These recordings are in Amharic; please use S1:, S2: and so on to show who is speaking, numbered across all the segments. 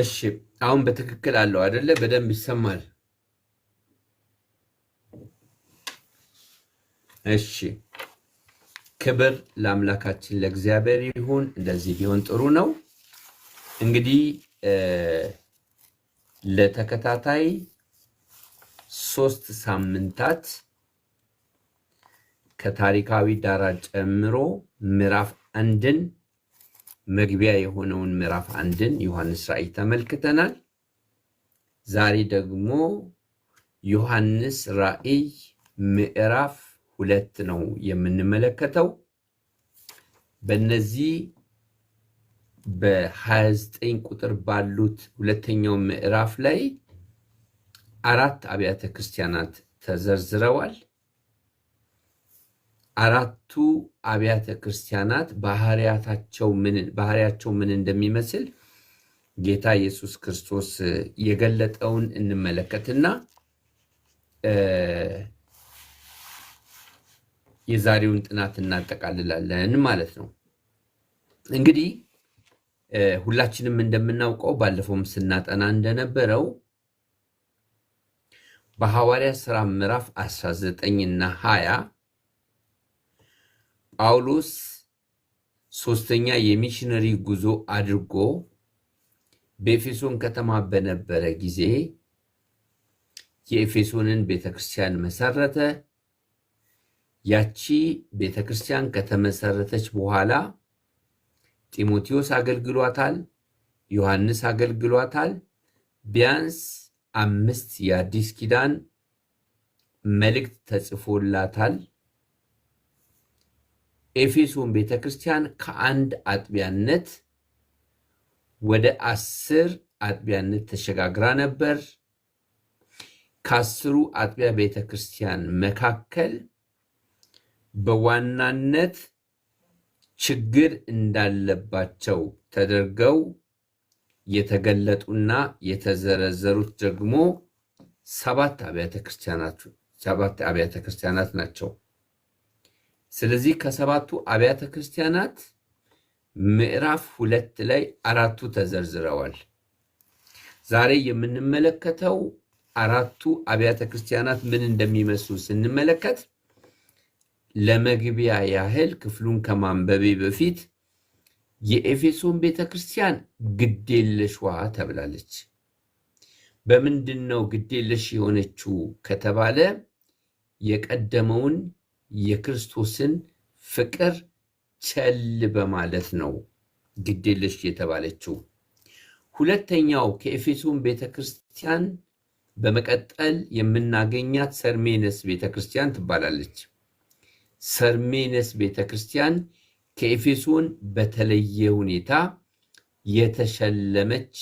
S1: እሺ አሁን በትክክል አለው አይደለ? በደንብ ይሰማል። እሺ ክብር ለአምላካችን ለእግዚአብሔር ይሁን። እንደዚህ ቢሆን ጥሩ ነው። እንግዲህ ለተከታታይ ሶስት ሳምንታት ከታሪካዊ ዳራ ጨምሮ ምዕራፍ አንድን መግቢያ የሆነውን ምዕራፍ አንድን ዮሐንስ ራእይ ተመልክተናል። ዛሬ ደግሞ ዮሐንስ ራእይ ምዕራፍ ሁለት ነው የምንመለከተው። በነዚህ በ29 ቁጥር ባሉት ሁለተኛው ምዕራፍ ላይ አራት አብያተ ክርስቲያናት ተዘርዝረዋል። አራቱ አብያተ ክርስቲያናት ባህሪያታቸው ምን ባህሪያቸው ምን እንደሚመስል ጌታ ኢየሱስ ክርስቶስ የገለጠውን እንመለከትና የዛሬውን ጥናት እናጠቃልላለን ማለት ነው። እንግዲህ ሁላችንም እንደምናውቀው ባለፈውም ስናጠና እንደነበረው በሐዋርያ ሥራ ምዕራፍ 19 እና 20 ጳውሎስ ሶስተኛ የሚሽነሪ ጉዞ አድርጎ በኤፌሶን ከተማ በነበረ ጊዜ የኤፌሶንን ቤተክርስቲያን መሰረተ። ያቺ ቤተክርስቲያን ከተመሰረተች በኋላ ጢሞቴዎስ አገልግሏታል፣ ዮሐንስ አገልግሏታል። ቢያንስ አምስት የአዲስ ኪዳን መልእክት ተጽፎላታል። ኤፌሶን ቤተ ክርስቲያን ከአንድ አጥቢያነት ወደ አስር አጥቢያነት ተሸጋግራ ነበር። ከአስሩ አጥቢያ ቤተ ክርስቲያን መካከል በዋናነት ችግር እንዳለባቸው ተደርገው የተገለጡና የተዘረዘሩት ደግሞ ሰባት አብያተ ክርስቲያናት ናቸው። ስለዚህ ከሰባቱ አብያተ ክርስቲያናት ምዕራፍ ሁለት ላይ አራቱ ተዘርዝረዋል። ዛሬ የምንመለከተው አራቱ አብያተ ክርስቲያናት ምን እንደሚመስሉ ስንመለከት ለመግቢያ ያህል ክፍሉን ከማንበቤ በፊት የኤፌሶን ቤተ ክርስቲያን ግዴለሽዋ ተብላለች። በምንድን ነው ግዴለሽ የሆነችው ከተባለ የቀደመውን የክርስቶስን ፍቅር ቸል በማለት ነው ግዴለሽ የተባለችው። ሁለተኛው ከኤፌሶን ቤተ ክርስቲያን በመቀጠል የምናገኛት ሰርሜነስ ቤተ ክርስቲያን ትባላለች። ሰርሜነስ ቤተ ክርስቲያን ከኤፌሶን በተለየ ሁኔታ የተሸለመች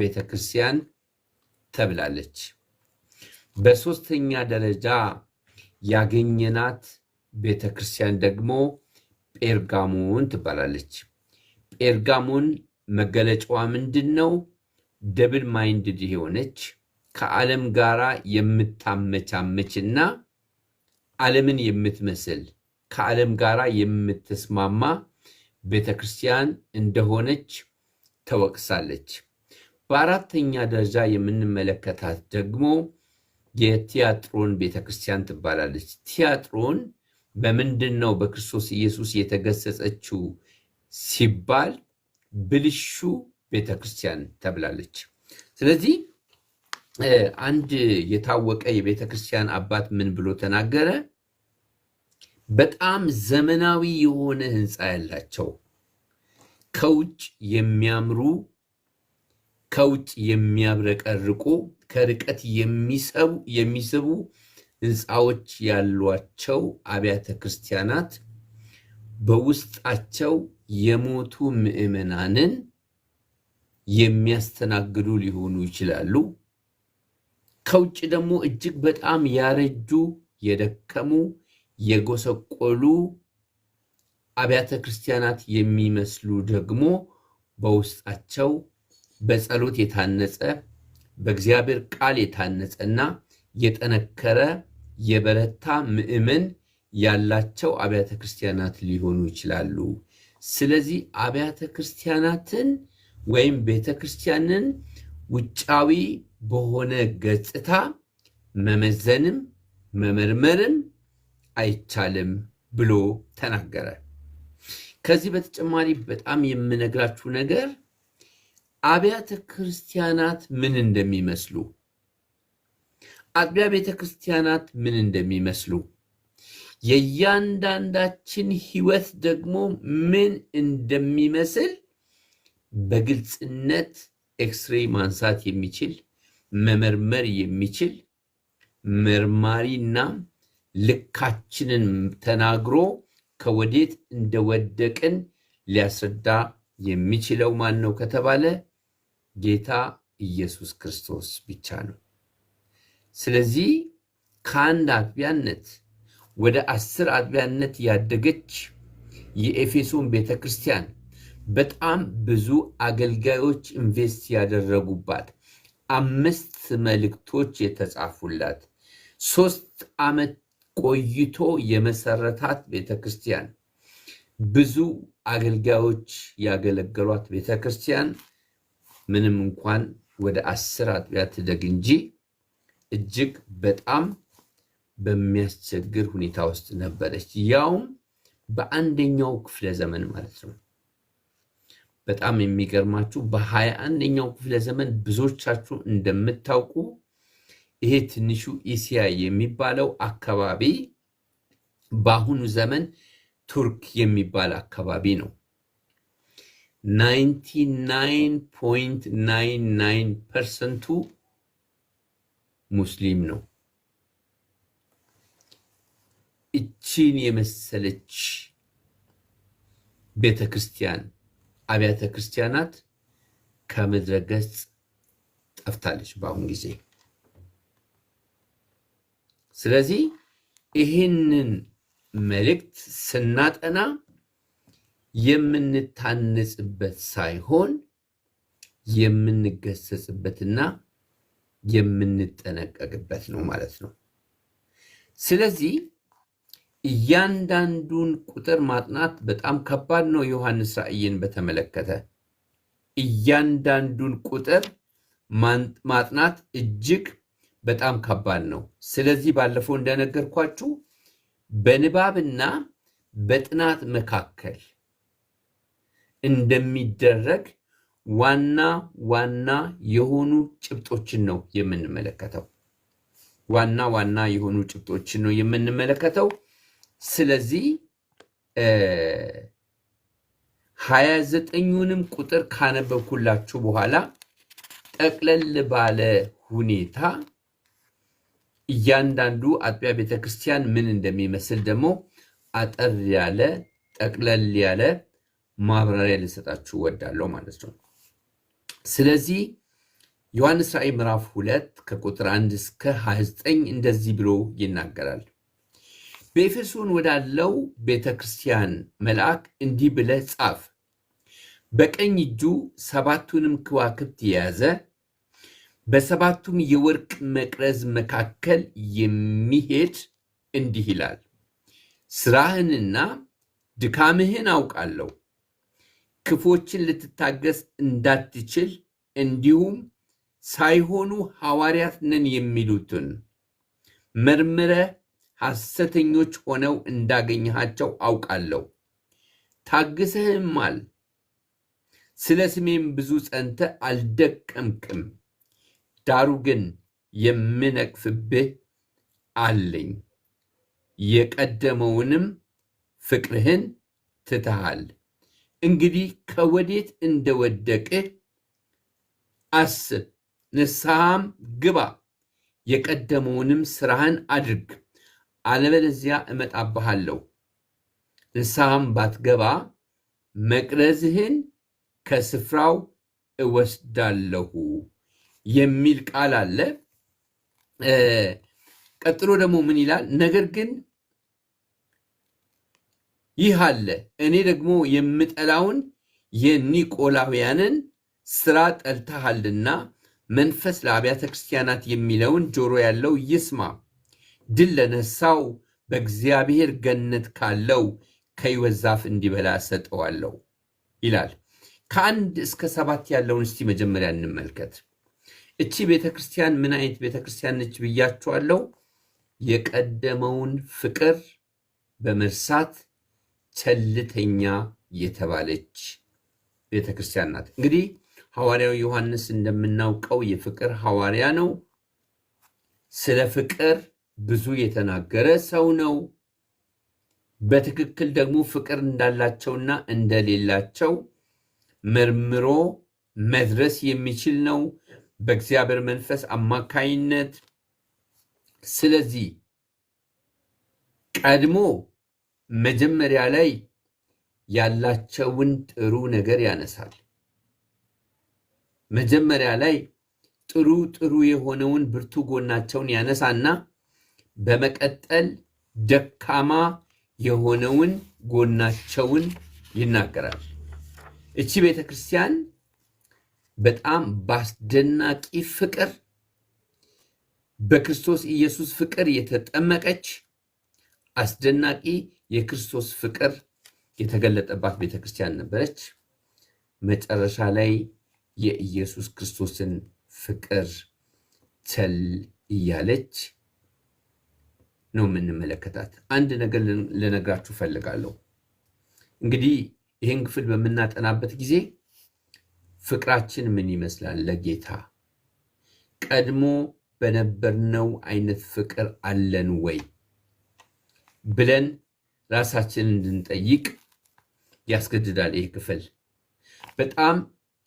S1: ቤተ ክርስቲያን ተብላለች። በሦስተኛ ደረጃ ያገኘናት ቤተ ክርስቲያን ደግሞ ጴርጋሞን ትባላለች። ጴርጋሞን መገለጫዋ ምንድን ነው? ደብል ማይንድድ የሆነች ከዓለም ጋራ የምታመቻመችና ዓለምን የምትመስል ከዓለም ጋራ የምትስማማ ቤተ ክርስቲያን እንደሆነች ተወቅሳለች። በአራተኛ ደረጃ የምንመለከታት ደግሞ የቲያጥሮን ቤተ ክርስቲያን ትባላለች። ቲያጥሮን በምንድን ነው በክርስቶስ ኢየሱስ የተገሰጸችው ሲባል ብልሹ ቤተክርስቲያን ተብላለች። ስለዚህ አንድ የታወቀ የቤተክርስቲያን አባት ምን ብሎ ተናገረ? በጣም ዘመናዊ የሆነ ህንፃ ያላቸው ከውጭ የሚያምሩ ከውጭ የሚያብረቀርቁ ከርቀት የሚስቡ ህንፃዎች ያሏቸው አብያተ ክርስቲያናት በውስጣቸው የሞቱ ምዕመናንን የሚያስተናግዱ ሊሆኑ ይችላሉ። ከውጭ ደግሞ እጅግ በጣም ያረጁ፣ የደከሙ፣ የጎሰቆሉ አብያተ ክርስቲያናት የሚመስሉ ደግሞ በውስጣቸው በጸሎት የታነጸ በእግዚአብሔር ቃል የታነጸና የጠነከረ የበረታ ምእመን ያላቸው አብያተ ክርስቲያናት ሊሆኑ ይችላሉ። ስለዚህ አብያተ ክርስቲያናትን ወይም ቤተ ክርስቲያንን ውጫዊ በሆነ ገጽታ መመዘንም መመርመርም አይቻልም ብሎ ተናገረ። ከዚህ በተጨማሪ በጣም የምነግራችሁ ነገር አብያተ ክርስቲያናት ምን እንደሚመስሉ አጥቢያ ቤተ ክርስቲያናት ምን እንደሚመስሉ የእያንዳንዳችን ሕይወት ደግሞ ምን እንደሚመስል በግልጽነት ኤክስሬይ ማንሳት የሚችል መመርመር የሚችል መርማሪና ልካችንን ተናግሮ ከወዴት እንደወደቅን ሊያስረዳ የሚችለው ማን ነው ከተባለ ጌታ ኢየሱስ ክርስቶስ ብቻ ነው። ስለዚህ ከአንድ አጥቢያነት ወደ አስር አጥቢያነት ያደገች የኤፌሶን ቤተ ክርስቲያን በጣም ብዙ አገልጋዮች ኢንቨስት ያደረጉባት፣ አምስት መልእክቶች የተጻፉላት፣ ሶስት ዓመት ቆይቶ የመሰረታት ቤተ ክርስቲያን ብዙ አገልጋዮች ያገለገሏት ቤተ ክርስቲያን ምንም እንኳን ወደ አስር አጥቢያ ትደግ እንጂ እጅግ በጣም በሚያስቸግር ሁኔታ ውስጥ ነበረች። ያውም በአንደኛው ክፍለ ዘመን ማለት ነው። በጣም የሚገርማችሁ በሀያ አንደኛው ክፍለ ዘመን ብዙዎቻችሁ እንደምታውቁ ይሄ ትንሹ ኢሲያ የሚባለው አካባቢ በአሁኑ ዘመን ቱርክ የሚባል አካባቢ ነው። 99.99 ፐርሰንቱ ሙስሊም ነው። እቺን የመሰለች ቤተ ክርስቲያን አብያተ ክርስቲያናት ከምድረ ገጽ ጠፍታለች በአሁን ጊዜ። ስለዚህ ይህንን መልእክት ስናጠና የምንታነጽበት ሳይሆን የምንገሰጽበትና የምንጠነቀቅበት ነው ማለት ነው። ስለዚህ እያንዳንዱን ቁጥር ማጥናት በጣም ከባድ ነው። ዮሐንስ ራእይን በተመለከተ እያንዳንዱን ቁጥር ማጥናት እጅግ በጣም ከባድ ነው። ስለዚህ ባለፈው እንደነገርኳችሁ በንባብና በጥናት መካከል እንደሚደረግ ዋና ዋና የሆኑ ጭብጦችን ነው የምንመለከተው። ዋና ዋና የሆኑ ጭብጦችን ነው የምንመለከተው። ስለዚህ ሀያ ዘጠኙንም ቁጥር ካነበብኩላችሁ በኋላ ጠቅለል ባለ ሁኔታ እያንዳንዱ አጥቢያ ቤተ ክርስቲያን ምን እንደሚመስል ደግሞ አጠር ያለ ጠቅለል ያለ ማብራሪያ ልሰጣችሁ እወዳለሁ ማለት ነው። ስለዚህ ዮሐንስ ራእይ ምዕራፍ 2 ከቁጥር 1 እስከ 29 እንደዚህ ብሎ ይናገራል። በኤፌሶን ወዳለው ቤተ ክርስቲያን መልአክ እንዲህ ብለህ ጻፍ፣ በቀኝ እጁ ሰባቱንም ከዋክብት የያዘ በሰባቱም የወርቅ መቅረዝ መካከል የሚሄድ እንዲህ ይላል፣ ስራህንና ድካምህን አውቃለሁ ክፎችን ልትታገስ እንዳትችል እንዲሁም ሳይሆኑ ሐዋርያት ነን የሚሉትን መርምረ ሐሰተኞች ሆነው እንዳገኘሃቸው አውቃለሁ። ታግሰህማል። ስለ ስሜም ብዙ ጸንተ አልደቀምቅም። ዳሩ ግን የምነቅፍብህ አለኝ። የቀደመውንም ፍቅርህን ትተሃል። እንግዲህ ከወዴት እንደወደቅ አስብ፣ ንስሐም ግባ፣ የቀደመውንም ስራህን አድርግ፣ አለበለዚያ እመጣብሃለሁ። ንስሐም ባትገባ መቅረዝህን ከስፍራው እወስዳለሁ የሚል ቃል አለ። ቀጥሎ ደግሞ ምን ይላል? ነገር ግን ይህ አለ። እኔ ደግሞ የምጠላውን የኒቆላውያንን ስራ ጠልተሃልና መንፈስ ለአብያተ ክርስቲያናት የሚለውን ጆሮ ያለው ይስማ። ድል ለነሳው በእግዚአብሔር ገነት ካለው ከሕይወት ዛፍ እንዲበላ ሰጠዋለሁ ይላል። ከአንድ እስከ ሰባት ያለውን እስቲ መጀመሪያ እንመልከት። እቺ ቤተ ክርስቲያን ምን አይነት ቤተ ክርስቲያን ነች ብያችኋለሁ። የቀደመውን ፍቅር በመርሳት ቸልተኛ የተባለች ቤተ ክርስቲያን ናት። እንግዲህ ሐዋርያው ዮሐንስ እንደምናውቀው የፍቅር ሐዋርያ ነው። ስለ ፍቅር ብዙ የተናገረ ሰው ነው። በትክክል ደግሞ ፍቅር እንዳላቸውና እንደሌላቸው መርምሮ መድረስ የሚችል ነው በእግዚአብሔር መንፈስ አማካይነት። ስለዚህ ቀድሞ መጀመሪያ ላይ ያላቸውን ጥሩ ነገር ያነሳል። መጀመሪያ ላይ ጥሩ ጥሩ የሆነውን ብርቱ ጎናቸውን ያነሳና በመቀጠል ደካማ የሆነውን ጎናቸውን ይናገራል። እቺ ቤተ ክርስቲያን በጣም በአስደናቂ ፍቅር በክርስቶስ ኢየሱስ ፍቅር የተጠመቀች አስደናቂ የክርስቶስ ፍቅር የተገለጠባት ቤተ ክርስቲያን ነበረች። መጨረሻ ላይ የኢየሱስ ክርስቶስን ፍቅር ቸል እያለች ነው የምንመለከታት። አንድ ነገር ልነግራችሁ ፈልጋለሁ። እንግዲህ ይህን ክፍል በምናጠናበት ጊዜ ፍቅራችን ምን ይመስላል ለጌታ? ቀድሞ በነበርነው አይነት ፍቅር አለን ወይ ብለን ራሳችን እንድንጠይቅ ያስገድዳል። ይህ ክፍል በጣም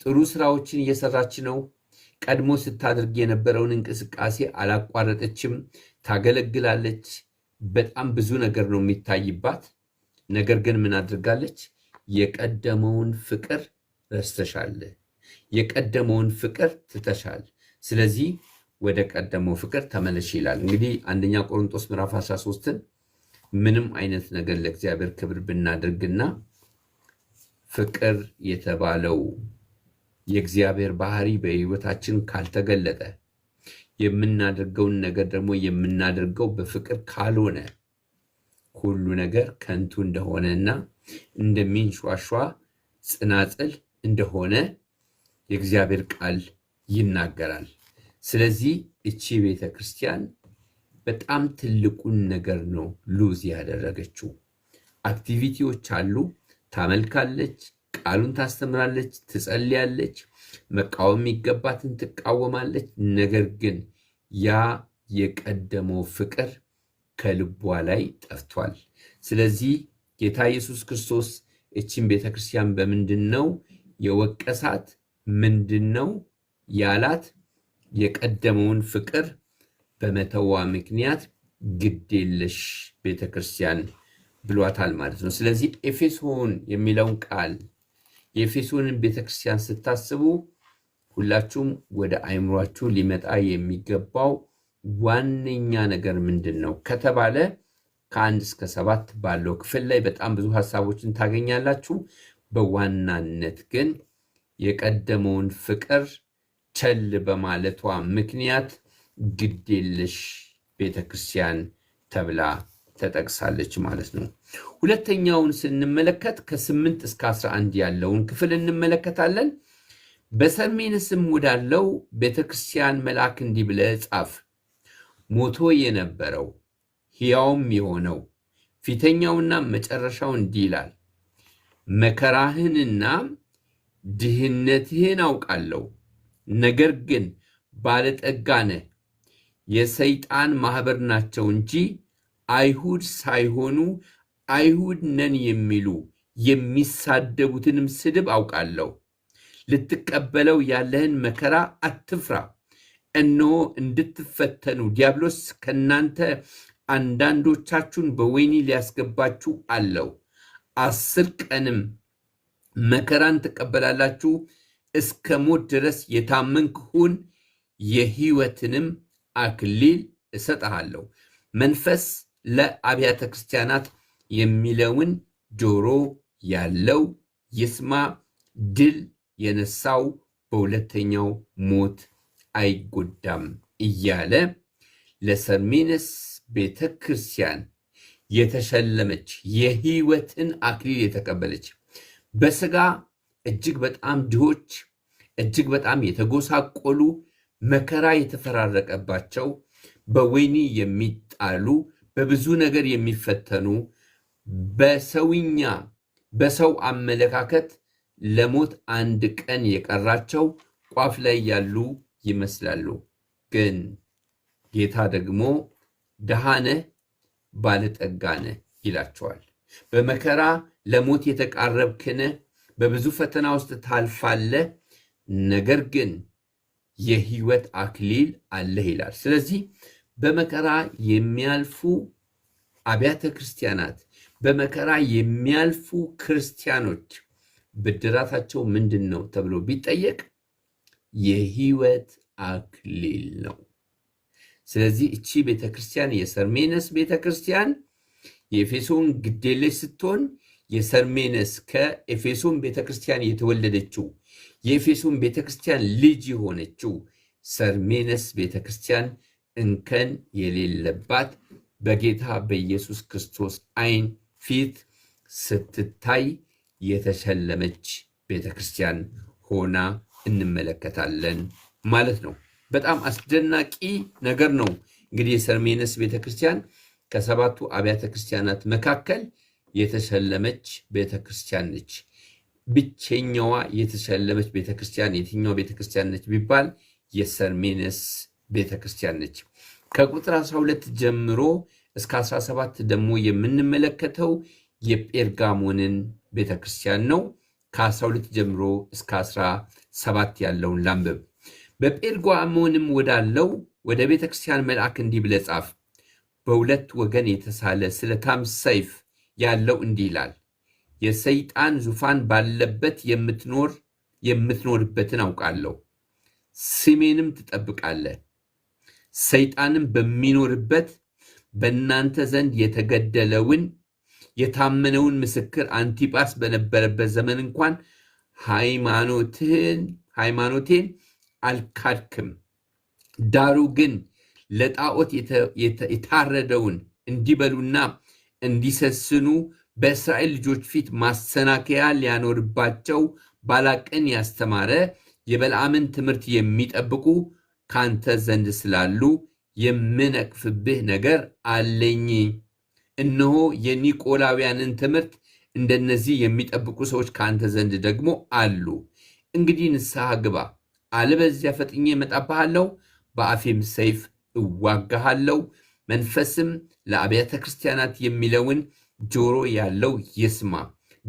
S1: ጥሩ ስራዎችን እየሰራች ነው። ቀድሞ ስታደርግ የነበረውን እንቅስቃሴ አላቋረጠችም። ታገለግላለች። በጣም ብዙ ነገር ነው የሚታይባት። ነገር ግን ምን አድርጋለች? የቀደመውን ፍቅር ረስተሻል። የቀደመውን ፍቅር ትተሻል። ስለዚህ ወደ ቀደመው ፍቅር ተመለሽ ይላል። እንግዲህ አንደኛ ቆሮንጦስ ምዕራፍ 13ን ምንም አይነት ነገር ለእግዚአብሔር ክብር ብናደርግና ፍቅር የተባለው የእግዚአብሔር ባህሪ በህይወታችን ካልተገለጠ የምናደርገውን ነገር ደግሞ የምናደርገው በፍቅር ካልሆነ ሁሉ ነገር ከንቱ እንደሆነ እና እንደሚንሿሿ ጽናጽል እንደሆነ የእግዚአብሔር ቃል ይናገራል። ስለዚህ እቺ ቤተ ክርስቲያን በጣም ትልቁን ነገር ነው ሉዝ ያደረገችው። አክቲቪቲዎች አሉ። ታመልካለች፣ ቃሉን ታስተምራለች፣ ትጸልያለች፣ መቃወም የሚገባትን ትቃወማለች። ነገር ግን ያ የቀደመው ፍቅር ከልቧ ላይ ጠፍቷል። ስለዚህ ጌታ ኢየሱስ ክርስቶስ እችን ቤተ ክርስቲያን በምንድን ነው የወቀሳት? ምንድን ነው ያላት? የቀደመውን ፍቅር በመተዋ ምክንያት ግድ የለሽ ቤተክርስቲያን ብሏታል ማለት ነው። ስለዚህ ኤፌሶን የሚለውን ቃል የኤፌሶንን ቤተክርስቲያን ስታስቡ ሁላችሁም ወደ አይምሯችሁ ሊመጣ የሚገባው ዋነኛ ነገር ምንድን ነው ከተባለ ከአንድ እስከ ሰባት ባለው ክፍል ላይ በጣም ብዙ ሀሳቦችን ታገኛላችሁ። በዋናነት ግን የቀደመውን ፍቅር ቸል በማለቷ ምክንያት ግዴለሽ ቤተ ክርስቲያን ተብላ ተጠቅሳለች ማለት ነው። ሁለተኛውን ስንመለከት ከስምንት እስከ አስራ አንድ ያለውን ክፍል እንመለከታለን። በሰሜን ስም ወዳለው ቤተ ክርስቲያን መልአክ እንዲህ ብለህ ጻፍ። ሞቶ የነበረው ሕያውም የሆነው ፊተኛውና መጨረሻው እንዲህ ይላል፣ መከራህንና ድህነትህን አውቃለሁ፣ ነገር ግን ባለጠጋ ነህ የሰይጣን ማህበር ናቸው እንጂ አይሁድ ሳይሆኑ አይሁድ ነን የሚሉ የሚሳደቡትንም ስድብ አውቃለሁ። ልትቀበለው ያለህን መከራ አትፍራ። እነሆ እንድትፈተኑ ዲያብሎስ ከእናንተ አንዳንዶቻችሁን በወይኒ ሊያስገባችሁ አለው። አስር ቀንም መከራን ትቀበላላችሁ። እስከ ሞት ድረስ የታመንክ ሁን፣ የሕይወትንም አክሊል እሰጥሃለሁ። መንፈስ ለአብያተ ክርስቲያናት የሚለውን ጆሮ ያለው ይስማ። ድል የነሳው በሁለተኛው ሞት አይጎዳም እያለ ለሰሜነስ ቤተ ክርስቲያን የተሸለመች የህይወትን አክሊል የተቀበለች በስጋ እጅግ በጣም ድሆች እጅግ በጣም የተጎሳቆሉ መከራ የተፈራረቀባቸው በወይኒ የሚጣሉ በብዙ ነገር የሚፈተኑ በሰውኛ በሰው አመለካከት ለሞት አንድ ቀን የቀራቸው ቋፍ ላይ ያሉ ይመስላሉ። ግን ጌታ ደግሞ ድሃ ነህ ባለጠጋ ነህ ይላቸዋል። በመከራ ለሞት የተቃረብክ ነህ፣ በብዙ ፈተና ውስጥ ታልፋለህ። ነገር ግን የህይወት አክሊል አለህ ይላል። ስለዚህ በመከራ የሚያልፉ አብያተ ክርስቲያናት በመከራ የሚያልፉ ክርስቲያኖች ብድራታቸው ምንድን ነው ተብሎ ቢጠየቅ የህይወት አክሊል ነው። ስለዚህ እቺ ቤተክርስቲያን የሰርሜነስ ቤተክርስቲያን የኤፌሶን ግዴለሽ ስትሆን የሰርሜነስ ከኤፌሶን ቤተክርስቲያን የተወለደችው የኤፌሶን ቤተክርስቲያን ልጅ የሆነችው ሰርሜነስ ቤተክርስቲያን እንከን የሌለባት በጌታ በኢየሱስ ክርስቶስ ዓይን ፊት ስትታይ የተሸለመች ቤተክርስቲያን ሆና እንመለከታለን ማለት ነው። በጣም አስደናቂ ነገር ነው። እንግዲህ የሰርሜነስ ቤተክርስቲያን ከሰባቱ አብያተ ክርስቲያናት መካከል የተሸለመች ቤተክርስቲያን ነች። ብቸኛዋ የተሸለመች ቤተክርስቲያን የትኛው ቤተክርስቲያን ነች ቢባል የሰርሜንስ ቤተክርስቲያን ነች። ከቁጥር 12 ጀምሮ እስከ 17 ደግሞ የምንመለከተው የጴርጋሞንን ቤተክርስቲያን ነው። ከ12 ጀምሮ እስከ 17 ያለውን ላንብብ። በጴርጋሞንም ወዳለው ወደ ቤተክርስቲያን መልአክ እንዲህ ብለህ ጻፍ። በሁለት ወገን የተሳለ ስለታም ሰይፍ ያለው እንዲህ ይላል የሰይጣን ዙፋን ባለበት የምትኖር የምትኖርበትን አውቃለሁ። ስሜንም ትጠብቃለህ። ሰይጣንም በሚኖርበት በእናንተ ዘንድ የተገደለውን የታመነውን ምስክር አንቲጳስ በነበረበት ዘመን እንኳን ሃይማኖቴን አልካድክም። ዳሩ ግን ለጣዖት የታረደውን እንዲበሉና እንዲሰስኑ በእስራኤል ልጆች ፊት ማሰናከያ ሊያኖርባቸው ባላቅን ያስተማረ የበልዓምን ትምህርት የሚጠብቁ ካንተ ዘንድ ስላሉ የምነቅፍብህ ነገር አለኝ። እነሆ የኒቆላውያንን ትምህርት እንደነዚህ የሚጠብቁ ሰዎች ከአንተ ዘንድ ደግሞ አሉ። እንግዲህ ንስሐ ግባ፣ አለበዚያ ፈጥኜ እመጣብሃለሁ፣ በአፌም ሰይፍ እዋጋሃለሁ። መንፈስም ለአብያተ ክርስቲያናት የሚለውን ጆሮ ያለው ይስማ።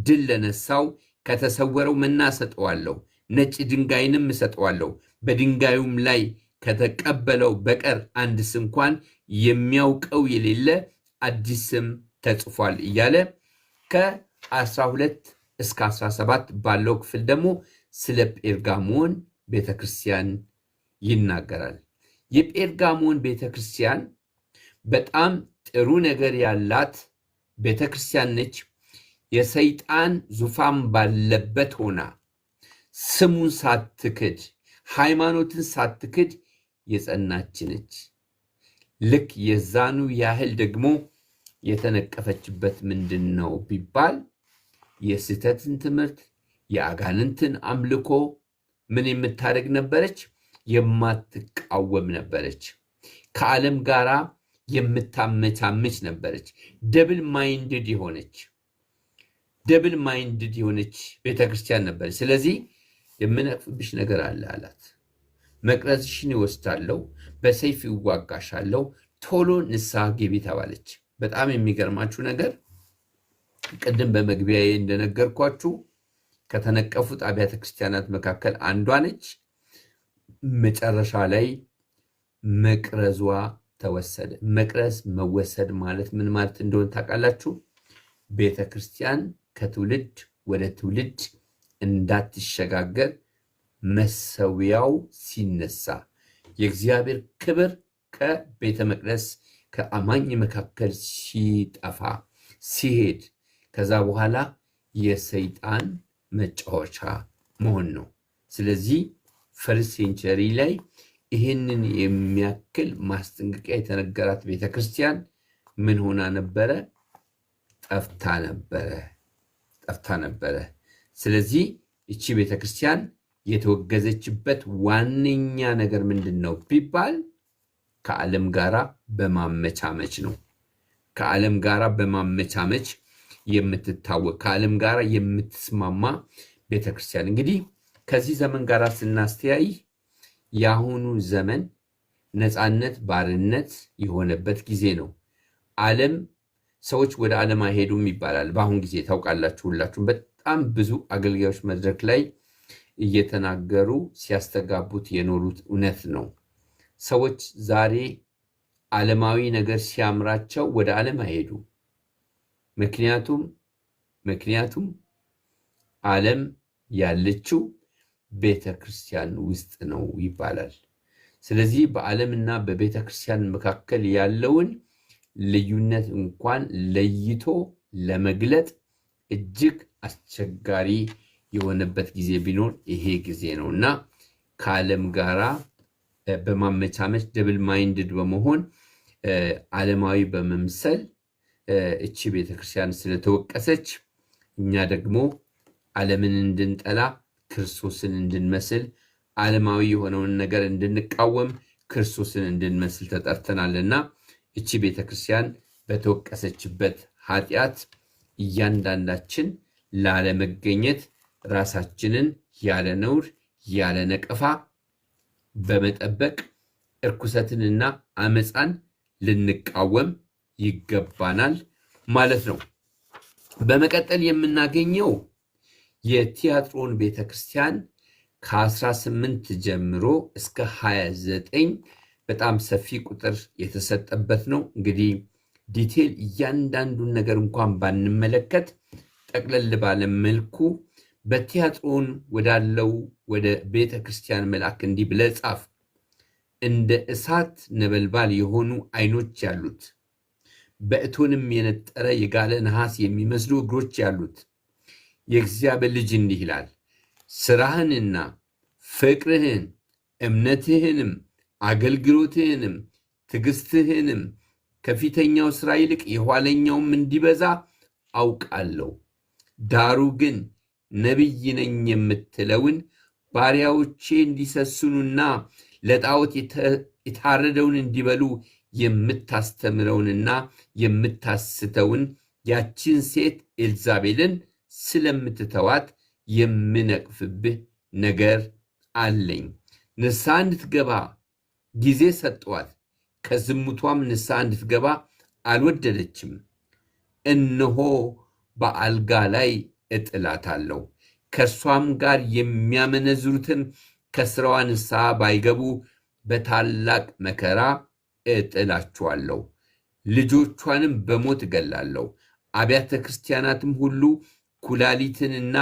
S1: ድል ለነሳው ከተሰወረው መና እሰጠዋለሁ፣ ነጭ ድንጋይንም እሰጠዋለሁ። በድንጋዩም ላይ ከተቀበለው በቀር አንድስ እንኳን የሚያውቀው የሌለ አዲስ ስም ተጽፏል እያለ ከ12 እስከ 17 ባለው ክፍል ደግሞ ስለ ጴርጋሞን ቤተክርስቲያን ይናገራል። የጴርጋሞን ቤተክርስቲያን በጣም ጥሩ ነገር ያላት ቤተ ክርስቲያን ነች። የሰይጣን ዙፋን ባለበት ሆና ስሙን ሳትክድ ሃይማኖትን ሳትክድ የጸናች ነች። ልክ የዛኑ ያህል ደግሞ የተነቀፈችበት ምንድን ነው ቢባል የስህተትን ትምህርት የአጋንንትን አምልኮ ምን የምታደርግ ነበረች? የማትቃወም ነበረች። ከዓለም ጋራ የምታመቻመች ነበረች። ደብል ማይንድድ የሆነች ደብል ማይንድድ የሆነች ቤተክርስቲያን ነበረች። ስለዚህ የምነቅፍብሽ ነገር አለ አላት። መቅረዝሽን ይወስዳለው፣ በሰይፍ ይዋጋሻለው፣ ቶሎ ንስሐ ግቢ ተባለች። በጣም የሚገርማችሁ ነገር ቅድም በመግቢያ እንደነገርኳችሁ ከተነቀፉት አብያተ ክርስቲያናት መካከል አንዷ ነች። መጨረሻ ላይ መቅረዟ ተወሰደ። መቅረዝ መወሰድ ማለት ምን ማለት እንደሆነ ታውቃላችሁ? ቤተ ክርስቲያን ከትውልድ ወደ ትውልድ እንዳትሸጋገር መሰዊያው ሲነሳ የእግዚአብሔር ክብር ከቤተ መቅደስ ከአማኝ መካከል ሲጠፋ ሲሄድ ከዛ በኋላ የሰይጣን መጫወቻ መሆን ነው። ስለዚህ ፈርስት ሴንቸሪ ላይ ይህንን የሚያክል ማስጠንቀቂያ የተነገራት ቤተ ክርስቲያን ምን ሆና ነበረ? ጠፍታ ነበረ፣ ጠፍታ ነበረ። ስለዚህ እቺ ቤተ ክርስቲያን የተወገዘችበት ዋነኛ ነገር ምንድን ነው ቢባል ከዓለም ጋራ በማመቻመች ነው። ከዓለም ጋራ በማመቻመች የምትታወቅ ከዓለም ጋራ የምትስማማ ቤተክርስቲያን እንግዲህ ከዚህ ዘመን ጋር ስናስተያይ የአሁኑ ዘመን ነፃነት ባርነት የሆነበት ጊዜ ነው። ዓለም ሰዎች ወደ ዓለም አይሄዱም ይባላል። በአሁን ጊዜ ታውቃላችሁ፣ ሁላችሁም በጣም ብዙ አገልጋዮች መድረክ ላይ እየተናገሩ ሲያስተጋቡት የኖሩት እውነት ነው። ሰዎች ዛሬ ዓለማዊ ነገር ሲያምራቸው ወደ ዓለም አይሄዱ። ምክንያቱም ምክንያቱም ዓለም ያለችው ቤተ ክርስቲያን ውስጥ ነው ይባላል። ስለዚህ በዓለምና በቤተ ክርስቲያን መካከል ያለውን ልዩነት እንኳን ለይቶ ለመግለጥ እጅግ አስቸጋሪ የሆነበት ጊዜ ቢኖር ይሄ ጊዜ ነው እና ከዓለም ጋራ በማመቻመች ደብል ማይንድድ በመሆን ዓለማዊ በመምሰል እቺ ቤተክርስቲያን ስለተወቀሰች እኛ ደግሞ ዓለምን እንድንጠላ ክርስቶስን እንድንመስል ዓለማዊ የሆነውን ነገር እንድንቃወም ክርስቶስን እንድንመስል ተጠርተናልና እቺ ቤተ ክርስቲያን በተወቀሰችበት ኃጢአት እያንዳንዳችን ላለመገኘት ራሳችንን ያለ ነውር ያለ ነቀፋ በመጠበቅ እርኩሰትንና አመፃን ልንቃወም ይገባናል ማለት ነው። በመቀጠል የምናገኘው የቲያትሮን ቤተ ክርስቲያን ከ18 ጀምሮ እስከ 29 በጣም ሰፊ ቁጥር የተሰጠበት ነው። እንግዲህ ዲቴል እያንዳንዱን ነገር እንኳን ባንመለከት ጠቅለል ባለ መልኩ በቲያትሮን ወዳለው ወደ ቤተ ክርስቲያን መልአክ እንዲህ ብለህ ጻፍ። እንደ እሳት ነበልባል የሆኑ አይኖች ያሉት በእቶንም የነጠረ የጋለ ነሐስ የሚመስሉ እግሮች ያሉት የእግዚአብሔር ልጅ እንዲህ ይላል፣ ስራህንና ፍቅርህን እምነትህንም አገልግሎትህንም ትዕግስትህንም ከፊተኛው ስራ ይልቅ የኋለኛውም እንዲበዛ አውቃለሁ። ዳሩ ግን ነቢይ ነኝ የምትለውን ባሪያዎቼ እንዲሰስኑና ለጣዖት የታረደውን እንዲበሉ የምታስተምረውንና የምታስተውን ያችን ሴት ኤልዛቤልን ስለምትተዋት የምነቅፍብህ ነገር አለኝ። ንስሐ እንድትገባ ጊዜ ሰጠዋት፣ ከዝሙቷም ንስሐ እንድትገባ አልወደደችም። እነሆ በአልጋ ላይ እጥላታለሁ፣ ከእርሷም ጋር የሚያመነዝሩትን ከስራዋ ንስሐ ባይገቡ በታላቅ መከራ እጥላችኋለሁ፣ ልጆቿንም በሞት እገላለሁ። አብያተ ክርስቲያናትም ሁሉ ኩላሊትንና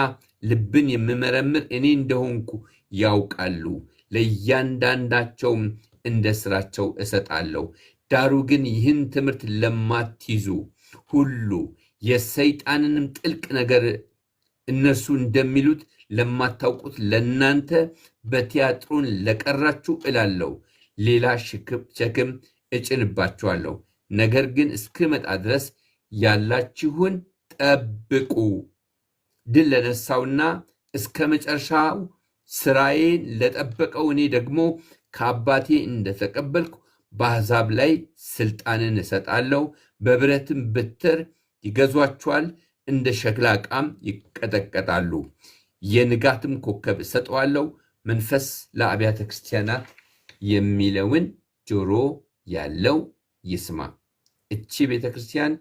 S1: ልብን የምመረምር እኔ እንደሆንኩ ያውቃሉ። ለእያንዳንዳቸውም እንደ ስራቸው እሰጣለሁ። ዳሩ ግን ይህን ትምህርት ለማትይዙ ሁሉ የሰይጣንንም ጥልቅ ነገር እነርሱ እንደሚሉት ለማታውቁት ለእናንተ በቲያጥሮን ለቀራችሁ እላለሁ፣ ሌላ ሸክም እጭንባችኋለሁ። ነገር ግን እስክመጣ ድረስ ያላችሁን ጠብቁ። ድል ለነሳውና እስከ መጨረሻው ስራዬን ለጠበቀው እኔ ደግሞ ከአባቴ እንደተቀበልኩ በአሕዛብ ላይ ስልጣንን እሰጣለሁ። በብረትም ብትር ይገዟቸዋል፣ እንደ ሸክላ ዕቃም ይቀጠቀጣሉ። የንጋትም ኮከብ እሰጠዋለሁ። መንፈስ ለአብያተ ክርስቲያናት የሚለውን ጆሮ ያለው ይስማ። እቺ ቤተ ክርስቲያን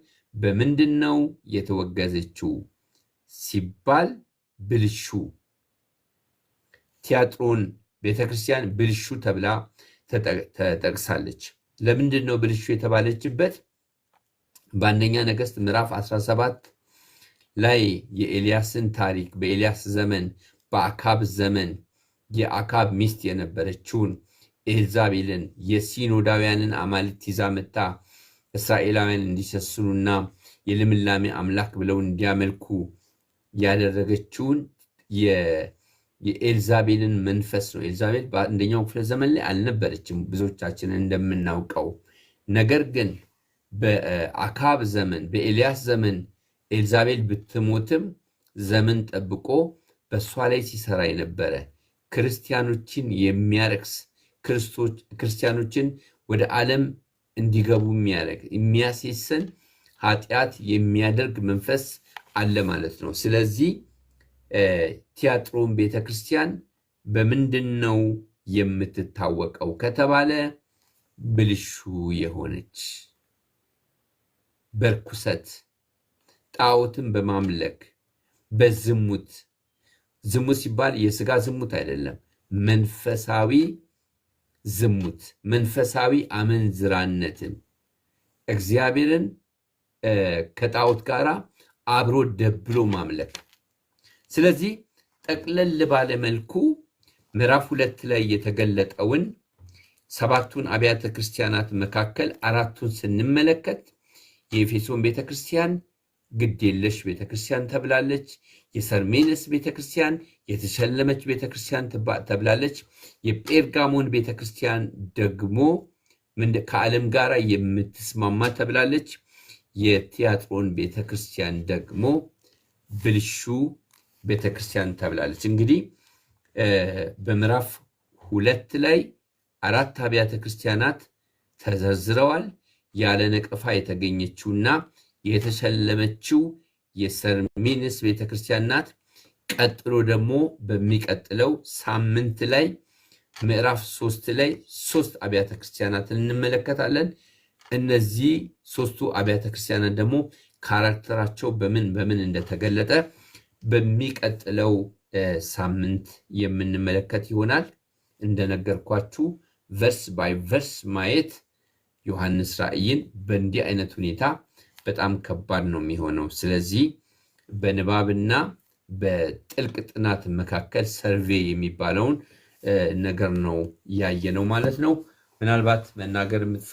S1: በምንድን ነው የተወገዘችው? ሲባል ብልሹ ቲያትሮን ቤተክርስቲያን ብልሹ ተብላ ተጠቅሳለች። ለምንድን ነው ብልሹ የተባለችበት? በአንደኛ ነገሥት ምዕራፍ 17 ላይ የኤልያስን ታሪክ በኤልያስ ዘመን በአካብ ዘመን የአካብ ሚስት የነበረችውን ኤልዛቤልን የሲኖዳውያንን አማልክት ይዛ መታ እስራኤላውያን እንዲሰስኑና የልምላሜ አምላክ ብለው እንዲያመልኩ ያደረገችውን የኤልዛቤልን መንፈስ ነው። ኤልዛቤል በአንደኛው ክፍለ ዘመን ላይ አልነበረችም ብዙዎቻችን እንደምናውቀው። ነገር ግን በአካብ ዘመን በኤልያስ ዘመን ኤልዛቤል ብትሞትም ዘመን ጠብቆ በእሷ ላይ ሲሰራ የነበረ ክርስቲያኖችን የሚያረክስ ክርስቲያኖችን ወደ ዓለም እንዲገቡ የሚያደርግ የሚያሴሰን ኃጢአት የሚያደርግ መንፈስ አለ ማለት ነው። ስለዚህ ቲያጥሮን ቤተ ክርስቲያን በምንድን ነው የምትታወቀው ከተባለ ብልሹ የሆነች በርኩሰት ጣዖትን በማምለክ በዝሙት ዝሙት ሲባል የስጋ ዝሙት አይደለም፣ መንፈሳዊ ዝሙት መንፈሳዊ አመንዝራነትን እግዚአብሔርን ከጣዖት ጋራ አብሮ ደብሎ ማምለክ። ስለዚህ ጠቅለል ባለ መልኩ ምዕራፍ ሁለት ላይ የተገለጠውን ሰባቱን አብያተ ክርስቲያናት መካከል አራቱን ስንመለከት የኤፌሶን ቤተክርስቲያን ግድ የለሽ ቤተክርስቲያን ተብላለች። የሰርሜነስ ቤተክርስቲያን የተሸለመች ቤተክርስቲያን ተብላለች። የጴርጋሞን ቤተክርስቲያን ደግሞ ከዓለም ጋር የምትስማማ ተብላለች። የቲያጥሮን ቤተክርስቲያን ደግሞ ብልሹ ቤተክርስቲያን ተብላለች። እንግዲህ በምዕራፍ ሁለት ላይ አራት አብያተ ክርስቲያናት ተዘርዝረዋል። ያለ ነቀፋ የተገኘችውና የተሸለመችው የሰርሚንስ ቤተክርስቲያን ናት። ቀጥሎ ደግሞ በሚቀጥለው ሳምንት ላይ ምዕራፍ ሶስት ላይ ሶስት አብያተ ክርስቲያናትን እንመለከታለን። እነዚህ ሶስቱ አብያተ ክርስቲያናት ደግሞ ካራክተራቸው በምን በምን እንደተገለጠ በሚቀጥለው ሳምንት የምንመለከት ይሆናል። እንደነገርኳችሁ ቨርስ ባይ ቨርስ ማየት ዮሐንስ ራእይን በእንዲህ አይነት ሁኔታ በጣም ከባድ ነው የሚሆነው። ስለዚህ በንባብና በጥልቅ ጥናት መካከል ሰርቬ የሚባለውን ነገር ነው ያየ ነው ማለት ነው። ምናልባት መናገር የምትፈ